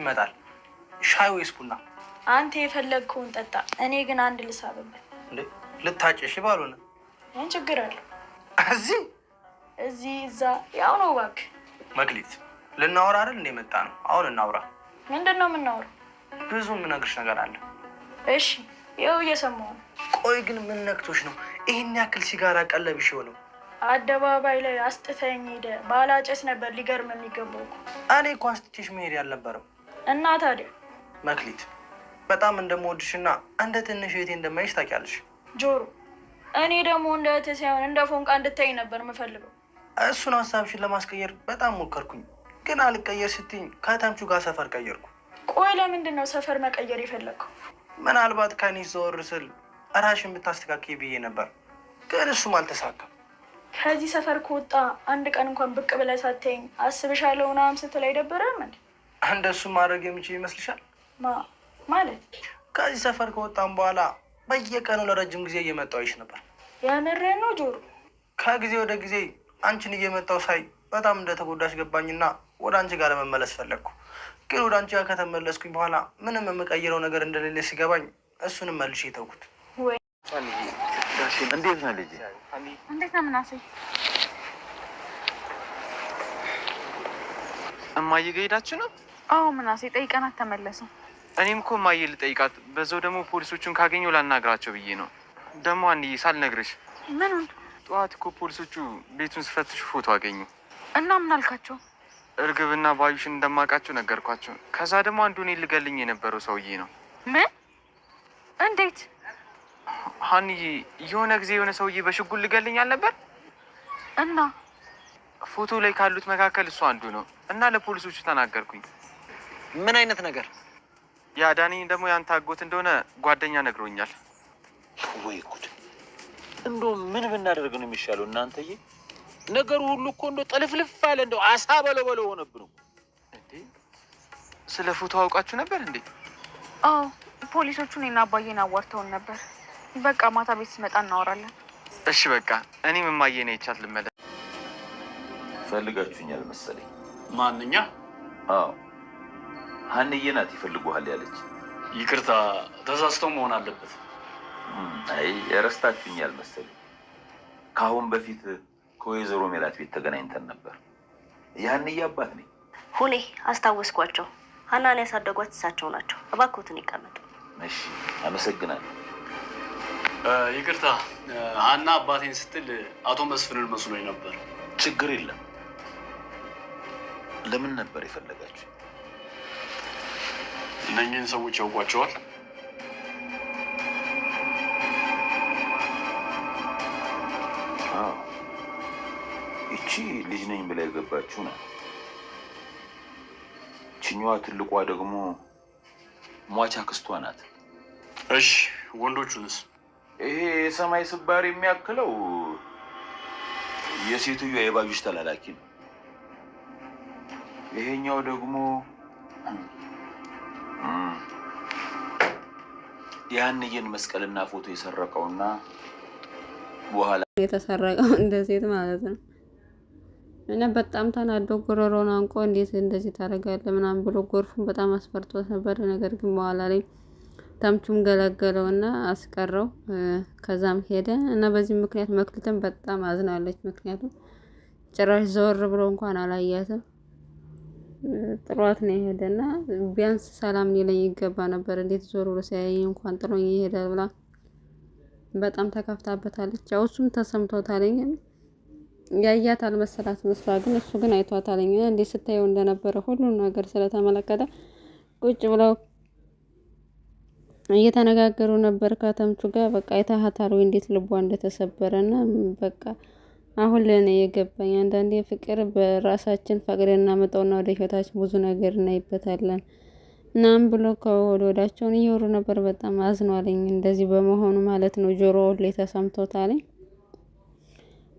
ይመጣል። ሻይ ወይስ ቡና? አንተ የፈለግከውን ጠጣ፣ እኔ ግን አንድ ልሳብበት። እንዴ ልታጭሽ? ባልሆነ ምን ችግር አለ? እዚህ እዚህ እዛ ያው ነው። እባክህ መክሊት፣ ልናወራ አይደል እንደ መጣ ነው። አሁን እናውራ። ምንድን ነው የምናወራው? ብዙ የምነግርሽ ነገር አለ። እሺ ይኸው እየሰማሁ ነው። ቆይ ግን ምን ነክቶሽ ነው ይህን ያክል ሲጋራ ቀለብሽ የሆነው? አደባባይ ላይ አስጥተኝ ሄደ ባላጨስ ነበር። ሊገርም የሚገባው እኔ እኮ አስጥቼሽ መሄድ ያልነበረው እና ታዲያ መክሊት በጣም እንደምወድሽና እንደ ትንሽ እህቴ እንደማይሽ ታውቂያለሽ። ጆሮ እኔ ደግሞ እንደ እህቴ ሳይሆን እንደ ፎንቃ እንድታይ ነበር የምፈልገው። እሱን ሀሳብሽን ለማስቀየር በጣም ሞከርኩኝ፣ ግን አልቀየር ስትኝ ከተምቹ ጋር ሰፈር ቀየርኩ። ቆይ ለምንድን ነው ሰፈር መቀየር የፈለግከው? ምናልባት ከኔ ዘወር ስል ራሽን ብታስተካከይ ብዬ ነበር፣ ግን እሱም አልተሳካም። ከዚህ ሰፈር ከወጣ አንድ ቀን እንኳን ብቅ ብለህ ሳታይኝ አስብሻለሁ ምናምን ስትል አይደብርህም እንዴ? እሱ ማድረግ የሚችል ይመስልሻል? ማለት ከዚህ ሰፈር ከወጣም በኋላ በየቀኑ ለረጅም ጊዜ እየመጣሁ ይሽ ነበር። የምሬ ነው ጆሮ። ከጊዜ ወደ ጊዜ አንቺን እየመጣሁ ሳይ በጣም እንደተጎዳሽ ገባኝና ወደ አንቺ ጋር ለመመለስ ፈለግኩ። ግን ወደ አንቺ ጋር ከተመለስኩኝ በኋላ ምንም የምቀይረው ነገር እንደሌለ ሲገባኝ እሱንም መልሼ የተውኩት። እንዴት ነው ልጄ? እንዴት ነው ምናሴ? እማዬ ጋ ሄዳችሁ ነው? አዎ ምናሴ ጠይቀናት ተመለሱ። እኔም እኮ ማየ ልጠይቃት፣ በዛው ደግሞ ፖሊሶቹን ካገኘው ላናግራቸው ብዬ ነው። ደግሞ አንድዬ ሳልነግርሽ ምኑን? ጠዋት እኮ ፖሊሶቹ ቤቱን ስፈትሹ ፎቶ አገኙ እና ምን አልካቸው? እርግብና ባዩሽን እንደማውቃቸው ነገርኳቸው። ከዛ ደግሞ አንዱ እኔ ልገልኝ የነበረው ሰውዬ ነው። ምን? እንዴት? ሀንዬ የሆነ ጊዜ የሆነ ሰውዬ በሽጉል ልገልኝ አልነበር እና ፎቶ ላይ ካሉት መካከል እሱ አንዱ ነው እና ለፖሊሶቹ ተናገርኩኝ። ምን አይነት ነገር? ያ ዳኒ ደግሞ ያንተ አጎት እንደሆነ ጓደኛ ነግሮኛል። ወይ ጉድ! እንዶ ምን ብናደርግ ነው የሚሻለው እናንተዬ? ነገሩ ሁሉ እኮ እንደ ጥልፍልፍ አለ፣ እንደው አሳ በለበለ ሆነብን እኮ። እንዴ ስለ ፎቶ አውቃችሁ ነበር እንዴ? አዎ ፖሊሶቹ እኔና አባዬን አዋርተውን ነበር። በቃ ማታ ቤት ሲመጣ እናወራለን። እሺ በቃ እኔም እማዬን አይቻት ልመለስ። ፈልጋችሁኛል መሰለኝ። ማንኛ? አዎ ሀንዬ ናት ይፈልጉሃል ያለች። ይቅርታ ተሳስተው መሆን አለበት። አይ ረስታችሁኛል መሰለኝ። ከአሁን በፊት ከወይዘሮ ሜላት ቤት ተገናኝተን ነበር። የሀንዬ አባት ነኝ። ሁኔ አስታወስኳቸው። ሀናን ያሳደጓት እሳቸው ናቸው። እባክዎትን ይቀመጡ። እሺ፣ አመሰግናለሁ። ይቅርታ ሀና አባቴን ስትል አቶ መስፍንን መስሎኝ ነበር። ችግር የለም። ለምን ነበር የፈለጋችሁ? እነኝህን ሰዎች ያውቋቸዋል። እቺ ልጅ ነኝ ብላ የገባችው ነው። ችኛዋ ትልቋ ደግሞ ሟች አክስቷ ናት። እሺ ወንዶቹንስ? ይሄ የሰማይ ስባሪ የሚያክለው የሴትዮዋ የባቢሽ ተላላኪ ነው። ይሄኛው ደግሞ የሀንዬን መስቀልና ፎቶ የሰረቀውና በኋላ የተሰረቀው እንደ ሴት ማለት ነው። እና በጣም ተናዶ ጉሮሮን አንቆ እንዴት እንደዚህ ታደርጋለህ ምናምን ብሎ ጎርፉን በጣም አስፈርቶት ነበር። ነገር ግን በኋላ ላይ ታምቹም ገለገለው እና አስቀረው። ከዛም ሄደ እና በዚህ ምክንያት መክሊትም በጣም አዝናለች። ምክንያቱም ጭራሽ ዘወር ብሎ እንኳን አላያትም። ጥሯት ነው የሄደ እና ቢያንስ ሰላም ሊለኝ ይገባ ነበር። እንዴት ዞር ብሎ ሲያየኝ እንኳን ጥሎኝ ይሄዳል ብላ በጣም ተከፍታበታለች። ያው እሱም ተሰምቶታለኝ ያያት አልመሰላት መስሏ፣ ግን እሱ ግን አይቷታለኝ እንዴት ስታየው እንደነበረ ሁሉን ነገር ስለተመለከተ ቁጭ ብለው እየተነጋገሩ ነበር ከተምቹ ጋር። በቃ አይታሃታል ወይ እንዴት ልቧ እንደተሰበረ እና በቃ አሁን ለእኔ የገባኝ አንዳንዴ ፍቅር በራሳችን ፈቅደን እናመጣውና ወደ ህይወታችን ብዙ ነገር እናይበታለን። እናም ብሎ ወዳቸውን እየወሩ ነበር በጣም አዝኗለኝ እንደዚህ በመሆኑ ማለት ነው ጆሮ ላይ ተሰምቶታለኝ።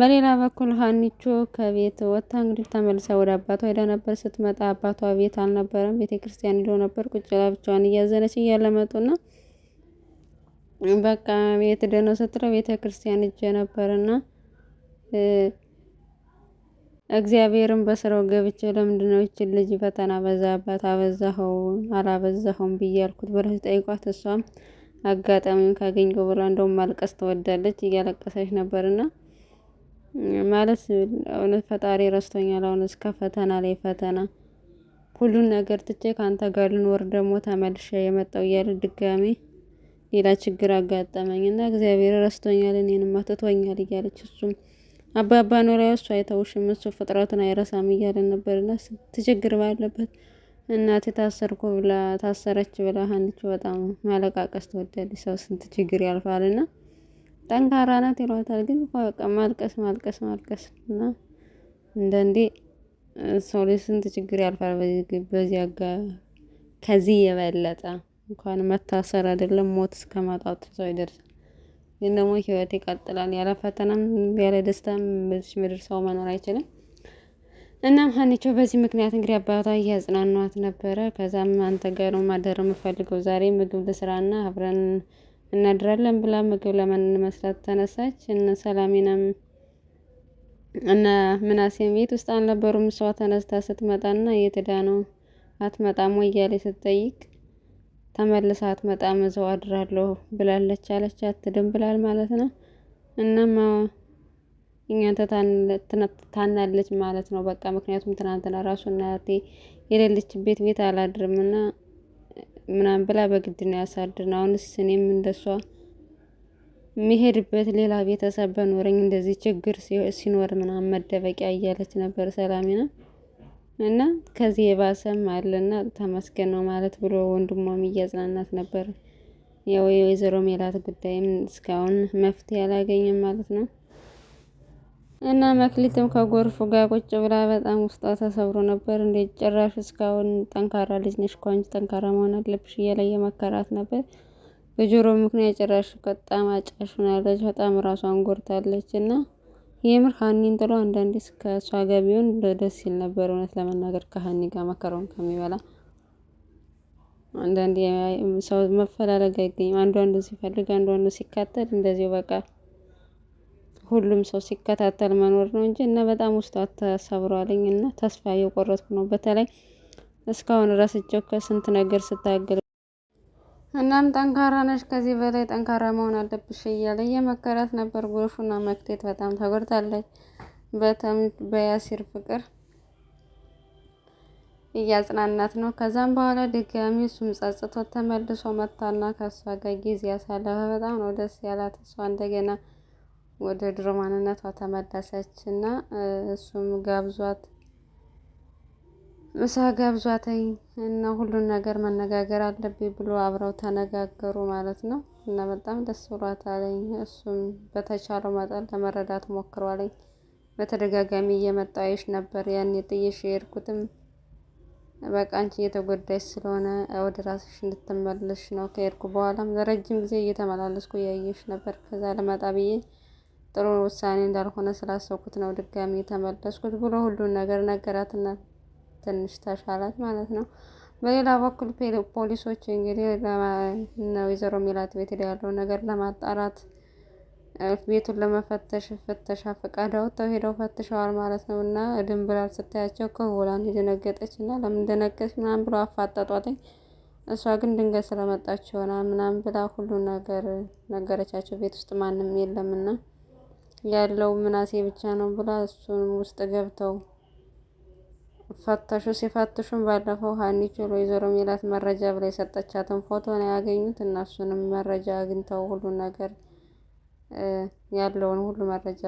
በሌላ በኩል ሀኒቾ ከቤት ወጥታ እንግዲህ ተመልሳ ወደ አባቷ ሄዳ ነበር። ስትመጣ አባቷ ቤት አልነበረም፣ ቤተ ክርስቲያን ሄዶ ነበር። ቁጭ ብላ ብቻዋን እያዘነች እያለ መጡና በቃ ቤት ደህና ስትለው ቤተክርስቲያን ሄጄ ነበርና እግዚአብሔርን በስራው ገብቼ ለምንድነው ይችን ልጅ ፈተና በዛባት አበዛኸው አላበዛኸውም ብያልኩት አልኩት ጠይቋት። እሷም አጋጣሚውን ካገኘው ብላ እንደውም ማልቀስ ትወዳለች፣ እያለቀሰች ነበርና ማለት እውነት ፈጣሪ ረስቶኛል። አሁን እስከ ፈተና ላይ ፈተና ሁሉን ነገር ትቼ ከአንተ ጋር ልኖር ደግሞ ተመልሼ የመጣው እያለ ድጋሜ ሌላ ችግር አጋጠመኝ እና እግዚአብሔር ረስቶኛል፣ እኔንም ትቶኛል እያለች እሱም አባባ ኖላዊ እሱ አይተውሽም እሱ ፍጥረቱን አይረሳም እያለን ነበርና ትችግር ባለበት እናቴ ታሰርኩ ብላ ታሰረች ብላ ሀንች በጣም ማለቃቀስ ትወዳል። ሰው ስንት ችግር ያልፋልና ጠንካራ ናት ይሏታል። ግን በቃ ማልቀስ ማልቀስ ማልቀስ እና እንደንዴ ሰው ላይ ስንት ችግር ያልፋል። በዚህ ከዚህ የበለጠ እንኳን መታሰር አይደለም ሞት እስከማጣት ሰው ይደርሳል። ግን ደግሞ ህይወት ይቀጥላል። ያለ ፈተናም ያለ ደስታም በዚች ምድር ሰው መኖር አይችልም። እናም ሀኒቾ በዚህ ምክንያት እንግዲህ አባቷ እያጽናኗት ነበረ። ከዛም አንተ ጋር ነው ማደር የምፈልገው ዛሬ ምግብ ልስራና አብረን እናድራለን ብላ ምግብ ለመን መስራት ተነሳች። እነ ሰላሚናም እነ ምናሴም ቤት ውስጥ አልነበሩም። እሷ ተነስታ ስትመጣና የትዳ ነው አትመጣም ወያሌ ስትጠይቅ ተመልሳ አትመጣም እዛው አድራለሁ ብላለች አትድም ብላል ማለት ነው። እናማ እኛን ታናለች ማለት ነው በቃ ምክንያቱም ትናንትና ራሱ እናቴ የሌለች ቤት አላድርም እና ምናምን ብላ በግድ ነው ያሳድርን። አሁንስ እኔም እንደሷ የሚሄድበት ሌላ ቤተሰብ በኖረኝ እንደዚህ ችግር ሲኖር ምናምን መደበቂያ እያለች ነበር ነው። እና ከዚህ የባሰም አለና ተመስገን ነው ማለት ብሎ ወንድሟም እያጽናናት ነበር። ያው የወይዘሮ ሜላት ጉዳይም እስካሁን መፍትሄ አላገኘም ማለት ነው። እና መክሊትም ከጎርፉ ጋር ቁጭ ብላ በጣም ውስጧ ተሰብሮ ነበር። እንደ ጭራሽ እስካሁን ጠንካራ ልጅ ነሽ እኮ ጠንካራ መሆን አለብሽ እያለ የመከራት ነበር። በጆሮ ምክንያት ጭራሽ በጣም አጫሽ ሆናለች። በጣም ራሷን ጎርታለች እና የምር ሀኒን ጥሎ አንዳንዴ ከእሷ ጋር ቢሆን ደስ ይል ነበር። እውነት ለመናገር ከሀኒ ጋር መከራውን ከሚበላ አንዳንዴ ሰው መፈላለግ አይገኝም። አንዱ አንዱ ሲፈልግ አንዱ አንዱ ሲካተል እንደዚሁ በቃ ሁሉም ሰው ሲከታተል መኖር ነው እንጂ እና በጣም ውስጧ ተሰብሯልኝ እና ተስፋ እየቆረጥኩ ነው። በተለይ እስካሁን ረስቸው ከስንት ነገር ስታገል እናም ጠንካራ ነሽ፣ ከዚህ በላይ ጠንካራ መሆን አለብሽ እያለ እየመከራት ነበር። ጎርፉና መክቴት በጣም ተጎድታለች። በተም በያሲር ፍቅር እያጽናናት ነው። ከዛም በኋላ ድጋሚ እሱም ጸጽቶ ተመልሶ መታና ከእሷ ጋር ጊዜ ያሳለፈ በጣም ነው ደስ ያላት። እሷ እንደገና ወደ ድሮ ማንነቷ ተመለሰች እና እሱም ጋብዟት ምሳ ጋብዟተኝ እና ሁሉን ነገር መነጋገር አለብኝ ብሎ አብረው ተነጋገሩ ማለት ነው። እና በጣም ደስ ብሏታለኝ። እሱም በተቻለው መጠን ለመረዳት ሞክሯለኝ። በተደጋጋሚ እየመጣ አይሽ ነበር ያኔ ጥዬሽ የሄድኩትም በቃ አንቺ እየተጎዳሽ ስለሆነ ወደ ራስሽ እንድትመለሽ ነው። ከሄድኩ በኋላም ለረጅም ጊዜ እየተመላለስኩ እያየሽ ነበር። ከዛ ለመጣ ብዬ ጥሩ ውሳኔ እንዳልሆነ ስላሰብኩት ነው ድጋሚ የተመለስኩት ብሎ ሁሉን ነገር ነገራትና ትንሽ ተሻላት ማለት ነው። በሌላ በኩል ፖሊሶች እንግዲህ ወይዘሮ ሜላት ቤት ያለው ነገር ለማጣራት ቤቱን ለመፈተሽ ፍተሻ ፈቃድ አውጥተው ሄደው ፈትሸዋል ማለት ነው። እና ድንብላል ስታያቸው ከሆላን የደነገጠች እና ለምን ደነገጠች ምናምን ብሎ አፋጠጧትኝ። እሷ ግን ድንገት ስለመጣች ሆና ምናምን ብላ ሁሉ ነገር ነገረቻቸው። ቤት ውስጥ ማንም የለምና ያለው ምናሴ ብቻ ነው ብላ እሱን ውስጥ ገብተው ፈተሹ ሲፈትሹም ባለፈው ሀኒቾ ወይዘሮ ሚላት መረጃ ብላ የሰጠቻትን ፎቶ ነው ያገኙት። እነሱንም መረጃ አግኝተው ሁሉ ነገር ያለውን ሁሉ መረጃ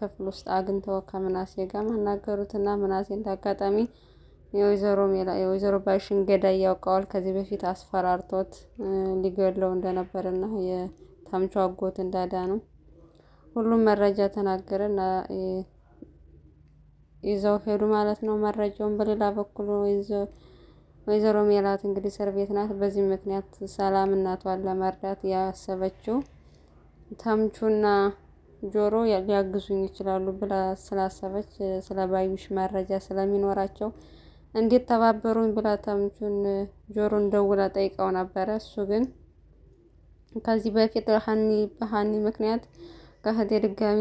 ክፍል ውስጥ አግኝተው ከምናሴ ጋር እና ምናሴ እንዳጋጣሚ የወይዘሮ ሜላ የወይዘሮ ባሽን ገዳይ ያውቀዋል። ከዚህ በፊት አስፈራርቶት ሊገለው ሊገድለው እንደነበርና የተምቹ አጎት ነው ሁሉም መረጃ ተናገረ። ይዘው ሄዱ ማለት ነው መረጃውን። በሌላ በኩል ወይዘሮ ሜላት እንግዲህ እስር ቤት ናት። በዚህ ምክንያት ሰላም እናቷን ለመርዳት ያሰበችው ተምቹና ጆሮ ሊያግዙኝ ይችላሉ ብላ ስላሰበች ስለ ባዩሽ መረጃ ስለሚኖራቸው እንዴት ተባበሩኝ ብላ ተምቹን ጆሮ ደውላ ጠይቀው ነበረ። እሱ ግን ከዚህ በፊት ሀኒ በሀኒ ምክንያት ከእህቴ ድጋሚ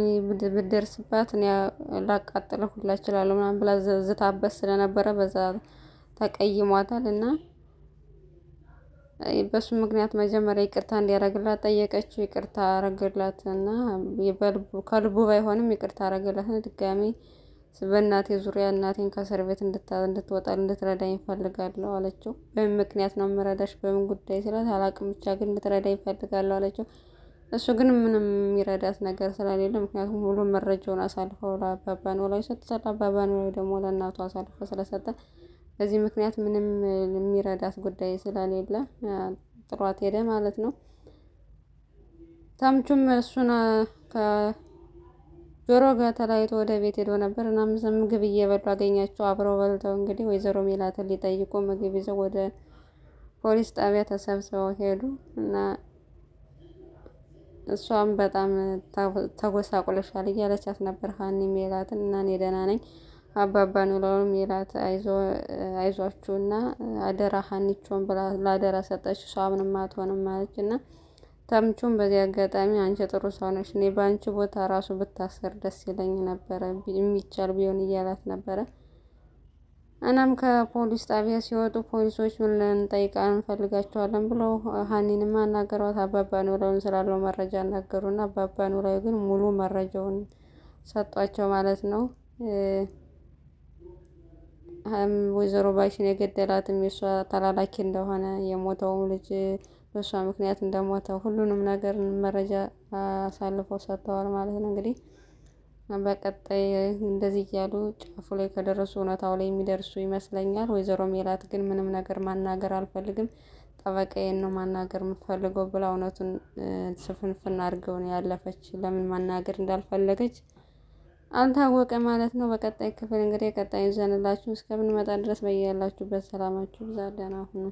ብደርስባት እኔ ላቃጥለ ሁላ እችላለሁ ምናምን ብላ ዝታበት ስለነበረ በዛ ተቀይሟታል እና በሱ ምክንያት መጀመሪያ ይቅርታ እንዲያረግላት ጠየቀችው። ይቅርታ አረግላት እና ከልቡ ባይሆንም ይቅርታ አረገላት። ድጋሚ በእናቴ ዙሪያ እናቴን ከእስር ቤት እንድትወጣል እንድትረዳኝ ይፈልጋለሁ አለችው። በምን ምክንያት ነው የምረዳሽ? በምን ጉዳይ ስላት አላቅም፣ ብቻ ግን እንድትረዳኝ ይፈልጋለሁ አለችው። እሱ ግን ምንም የሚረዳት ነገር ስለሌለ ምክንያቱም ሙሉ መረጃውን አሳልፈው ለአባባ ኖላዊ ሰጥቷል። አባባ ኖላዊ ደግሞ ለእናቱ አሳልፎ ስለሰጠ በዚህ ምክንያት ምንም የሚረዳት ጉዳይ ስለሌለ ጥሯት ሄደ ማለት ነው። ታምቹም እሱን ከጆሮ ጋር ተለያይቶ ወደ ቤት ሄዶ ነበር እና ምግብ እየበሉ አገኛቸው። አብረው በልተው እንግዲህ ወይዘሮ ሜላትን ሊጠይቁ ምግብ ይዘው ወደ ፖሊስ ጣቢያ ተሰብስበው ሄዱ እና እሷም በጣም ተጎሳቁለሻል እያለቻት ነበር። ሀኒ ሜላትን እና እኔ ደህና ነኝ አባባ ኖላዊ ሜላት አይዟችሁ እና አደራ ሀኒቾን ብላ ላደራ ሰጠች። እሷ ምንም አትሆንም ማለች እና ተምቹን በዚህ አጋጣሚ አንቺ ጥሩ ሰው ነሽ፣ እኔ በአንቺ ቦታ ራሱ ብታሰር ደስ ይለኝ ነበረ የሚቻል ቢሆን እያላት ነበረ። እናም ከፖሊስ ጣቢያ ሲወጡ ፖሊሶች ምን ልንጠይቅ እንፈልጋቸዋለን ብለው ሀኒንም አናገሯት። አባባ ኖላዊን ስላለው መረጃ አናገሩና አባባ ኖላዊ ግን ሙሉ መረጃውን ሰጧቸው ማለት ነው። ወይዘሮ ባሽን የገደላትም የእሷ ተላላኪ እንደሆነ የሞተውም ልጅ በእሷ ምክንያት እንደሞተ ሁሉንም ነገር መረጃ አሳልፈው ሰጥተዋል ማለት ነው እንግዲህ በቀጣይ እንደዚህ እያሉ ጫፉ ላይ ከደረሱ እውነታው ላይ የሚደርሱ ይመስለኛል። ወይዘሮ ሜላት ግን ምንም ነገር ማናገር አልፈልግም ጠበቃዬን ነው ማናገር የምፈልገው ብላ እውነቱን ስፍንፍን አድርገውን ያለፈች ለምን ማናገር እንዳልፈለገች አልታወቀ ማለት ነው። በቀጣይ ክፍል እንግዲህ ቀጣይ ይዘንላችሁ እስከምንመጣ ድረስ በያላችሁበት ሰላማችሁ ብዛ፣ ደህና ሁኑ።